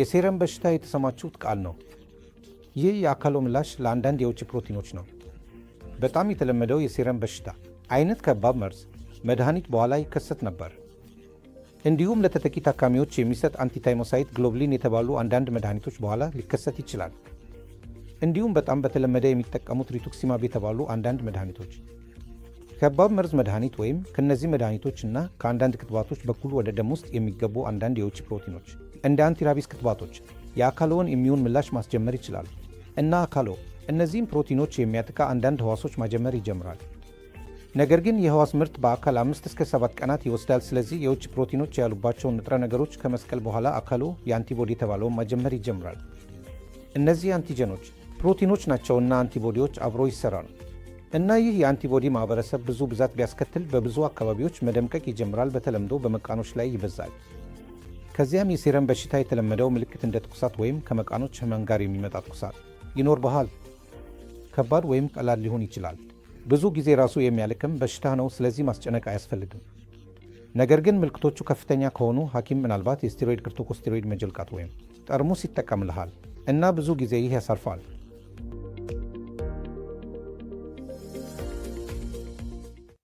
የሴረም በሽታ የተሰማችሁት ቃል ነው። ይህ የአካሎ ምላሽ ለአንዳንድ የውጭ ፕሮቲኖች ነው። በጣም የተለመደው የሴረም በሽታ አይነት ከባድ መርዝ መድኃኒት በኋላ ይከሰት ነበር። እንዲሁም ለተተኪ ታካሚዎች የሚሰጥ አንቲታይሞሳይት ግሎብሊን የተባሉ አንዳንድ መድኃኒቶች በኋላ ሊከሰት ይችላል። እንዲሁም በጣም በተለመደ የሚጠቀሙት ሪቱክሲማብ የተባሉ አንዳንድ መድኃኒቶች ከባድ መርዝ መድኃኒት ወይም ከእነዚህ መድኃኒቶች እና ከአንዳንድ ክትባቶች በኩል ወደ ደም ውስጥ የሚገቡ አንዳንድ የውጭ ፕሮቲኖች እንደ አንቲራቢስ ክትባቶች የአካልዎን የሚሆን ምላሽ ማስጀመር ይችላል። እና አካሎ እነዚህም ፕሮቲኖች የሚያጥቃ አንዳንድ ሕዋሶች ማጀመር ይጀምራል። ነገር ግን የሕዋስ ምርት በአካል አምስት እስከ ሰባት ቀናት ይወስዳል። ስለዚህ የውጭ ፕሮቲኖች ያሉባቸውን ንጥረ ነገሮች ከመስቀል በኋላ አካሎ የአንቲቦዲ የተባለውን ማጀመር ይጀምራል። እነዚህ አንቲጀኖች ፕሮቲኖች ናቸውና አንቲቦዲዎች አብሮ ይሰራሉ እና ይህ የአንቲቦዲ ማህበረሰብ ብዙ ብዛት ቢያስከትል በብዙ አካባቢዎች መደምቀቅ ይጀምራል። በተለምዶ በመቃኖች ላይ ይበዛል። ከዚያም የሴረም በሽታ የተለመደው ምልክት እንደ ትኩሳት ወይም ከመቃኖች ህመም ጋር የሚመጣ ትኩሳት ይኖርብሃል። ከባድ ወይም ቀላል ሊሆን ይችላል። ብዙ ጊዜ ራሱ የሚያልቅም በሽታ ነው፣ ስለዚህ ማስጨነቅ አያስፈልግም። ነገር ግን ምልክቶቹ ከፍተኛ ከሆኑ ሐኪም ምናልባት የስቴሮይድ ክርቶኮስቴሮይድ መጀልቃት ወይም ጠርሙስ ይጠቀምልሃል እና ብዙ ጊዜ ይህ ያሳርፋል።